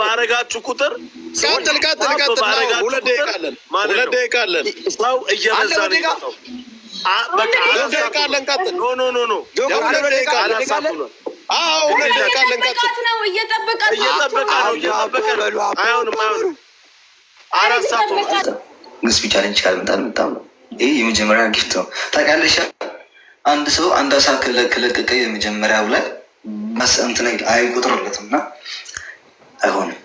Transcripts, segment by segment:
ባረጋችሁ ቁጥር ቀጥል ቀጥል ቀጥል። ሁለት ደቂቃ አለን፣ ሁለት ደቂቃ አለን። ሰው እየበዛ ነው። ሁለት ደቂቃ አለን። ቀጥል። ኖ ኖ ኖ ኖ፣ ሁለት ደቂቃ አለን። ሁለት ደቂቃ አለን። ቀጥል። እየጠበቀ ነው፣ እየጠበቀ ነው። አይሆንም፣ አይሆንም። አራት ሰዓት ነው። ግስቢ ቻለንጅ ካልመጣን ምጣም ነው ይህ የመጀመሪያ ጊፍት ነው። ታውቃለሽ፣ አንድ ሰው አንድ አሳ ከለቀቀ የመጀመሪያው ላይ መስእንት ነ አይቆጥርለትም እና አይሆንም።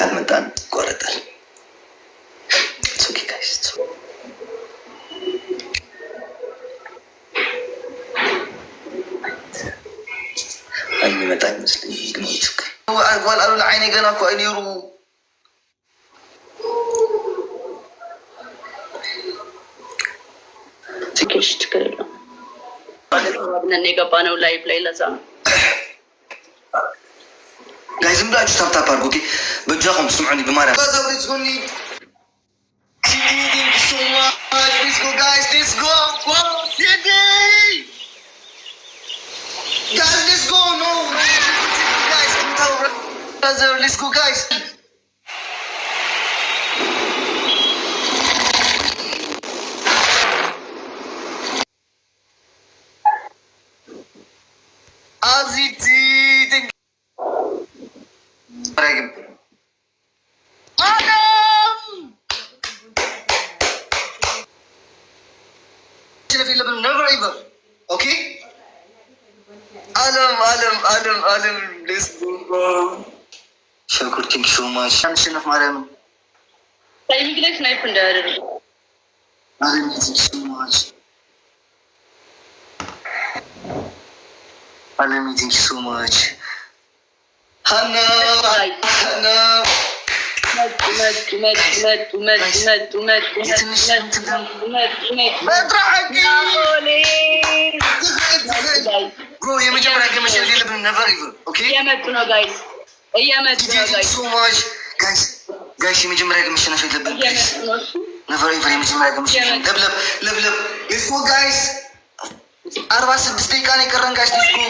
ካልመጣን ይቆረጣል። ይመጣ ይመስለኝ ግን ይትክ ዋልአሉ ለአይኔ ገና እኮ አይኔሩ እሺ ችግር የለም። ብለን የገባ ነው ላይቭ ላይ ለዛ ነው ጋይ ዝም ብላችሁ ታብታብ አድርጉ። በእጃኩም ስምዑኒ ብማርያም Let's go, no. Guys, let's go, guys. never ever. Okay? Alam, Alam, Alam, Alam, please go home. Shakur, thank you so much. I'm Shinaf Mariam. Timing life life ഉണ്ടായിരുന്നു Thank you so much. Hannah, Hannah. የመጀመሪያ ግምሽነፍ የለብን ነቨር ኢቨን አርባ ስድስት ደቂቃ ነው የቀረን ጋሽ ዲስኮ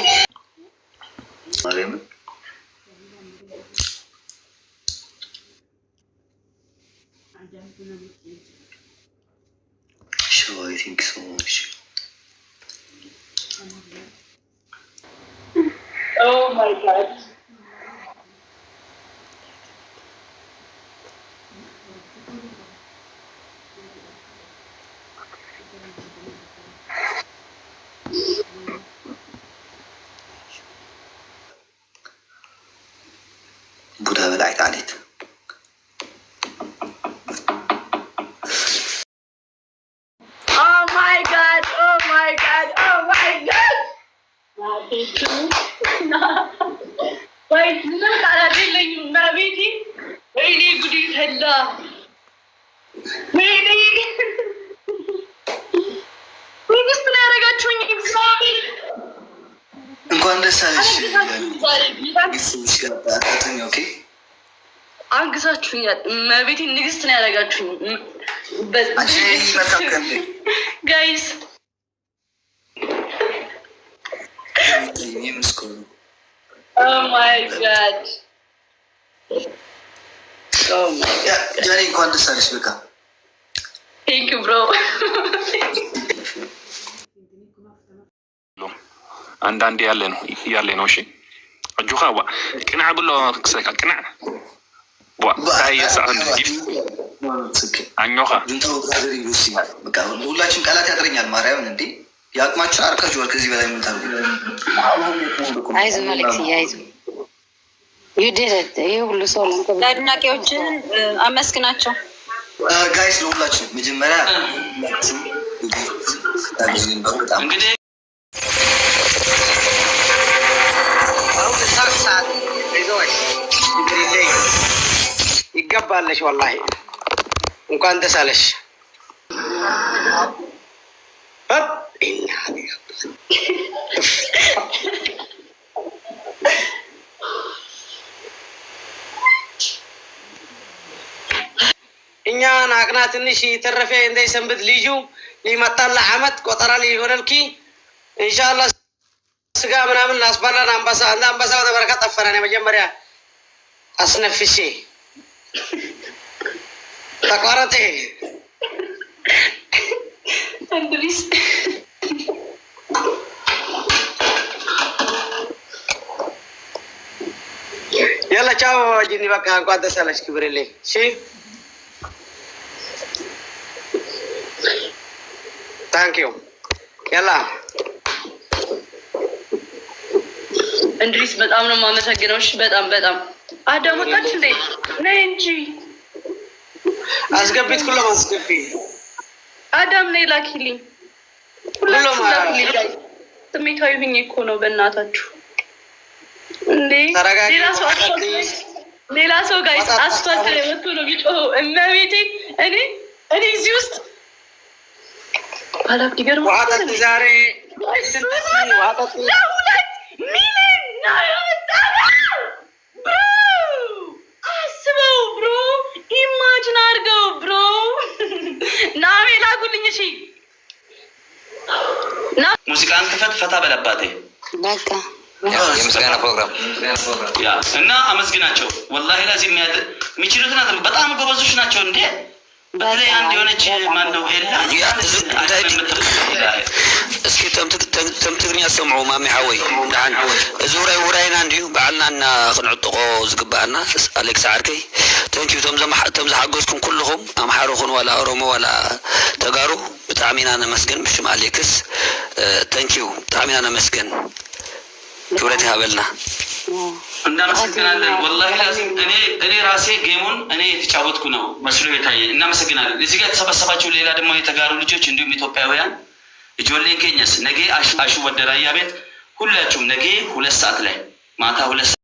I definitely do. Sure, I think so much. Oh my god. Buddha will like Adit. ወይ ምንም ቃላት የለኝም። ቤቴ ወይኔ ጉዴ ወይኔ ንግስት ነው ያደረጋችሁኝ። እንኳን ደስ አለሽ። አግዛችሁኛል። መቤቴ ንግስት ነው ያደረጋችሁኝ ጋይስ Oh oh ጃኒ እንኳን ደስ አለሽ። በቃ አንዳንዴ ያለ ነው ያለ ነው። እሺ አጁኻ ዋ ቅንዕ ብሎ ክሰካ ቅንዕ ዋ ታየ ቃላት ያጥረኛል ማርያምን እንዴ የአቅማችን ወር ከዚህ በላይ ምታል ታርጉ? አይዞህ አሌክስዬ፣ ይደረድ። ይህ ሁሉ ሰው ለአድናቂዎችን አመስግናቸው። ጋይስ ለሁላችን መጀመሪያ እንግዲህ ይገባለሽ። ወላሂ እንኳን ደስ አለሽ። እኛን አቅና ትንሽ ተረፈ እንዳይሰንብት ልዩ ሊመጣላ አመት ቆጠራ ሊሆነልኪ ኢንሻላህ ስጋ ምናምን አስባላን አንበሳ እንደ አንበሳ ወደ በረከት ጠፈረን። የመጀመሪያ አስነፍሼ ተቋረጤ እንድሪስ የለ ቻው ጂኒ፣ በቃ እንኳን ደስ አለሽ። ክብር ልኝ እሺ፣ ታንኪዩ። የላ እንድሪስ፣ በጣም ነው የማመሰግነው። በጣም በጣም አዳሞጣች እንዴ ነይ እንጂ አስገቢት ኩሎም አስገቢ አዳም ነይ ላኪልኝ፣ ሁላችሁ ላኪልኝ። ስሜታዊ ሁኝ እኮ ነው በእናታችሁ እንዴ ሌላ ሰው ጋር አስቷተር መቶ ነው ቢጮኸው እና እኔ እኔ እዚህ ውስጥ ባላብ ዲገርሙ ዛሬ ለሁለት ሚሊዮን ብሮ አስበው ብሮ ኢማጅን አድርገው ብሮ ናሜ ላጉልኝ እሺ ሙዚቃን ክፈት ፈታ በለባቴ በቃ የምስጋና ፕሮግራም እና አመስግናቸው። ወላሂ ላዚ የሚችሉትን አድርጉ። በጣም ጎበዞች ናቸው። እንዴ በተለይ አንድ የሆነች ማነው እስኪ ተምትግን ያሰምዑ ማሚ ሓወይ ድሓን እዚ ውራይ ውራይና እንድዩ በዓልና እና ክንዕጥቆ ዝግባአና ኣሌክስ ዓርከይ ተንኪዩ ቶም ዝሓገዝኩም ኩልኹም ኣምሓሮ ኹን ዋላ ኦሮሞ ዋላ ተጋሩ ብጣዕሚ ኢና ነመስገን ብሽም ኣሌክስ ተንኪዩ ብጣዕሚ ኢና ነመስገን ትውረት ያበልና እናመሰግናለን። ወላሂ እኔ ራሴ ጌሙን እኔ የተጫወትኩ ነው መስሎ የታየ። እናመሰግናለን። እዚህ ጋር የተሰበሰባቸው ሌላ ደግሞ የተጋሩ ልጆች እንዲሁም ኢትዮጵያውያን ጆሌን ኬኛስ ነገ አሹ ወደ ራያ ቤት ሁላችሁም ነገ ሁለት ሰዓት ላይ ማታ ሁለት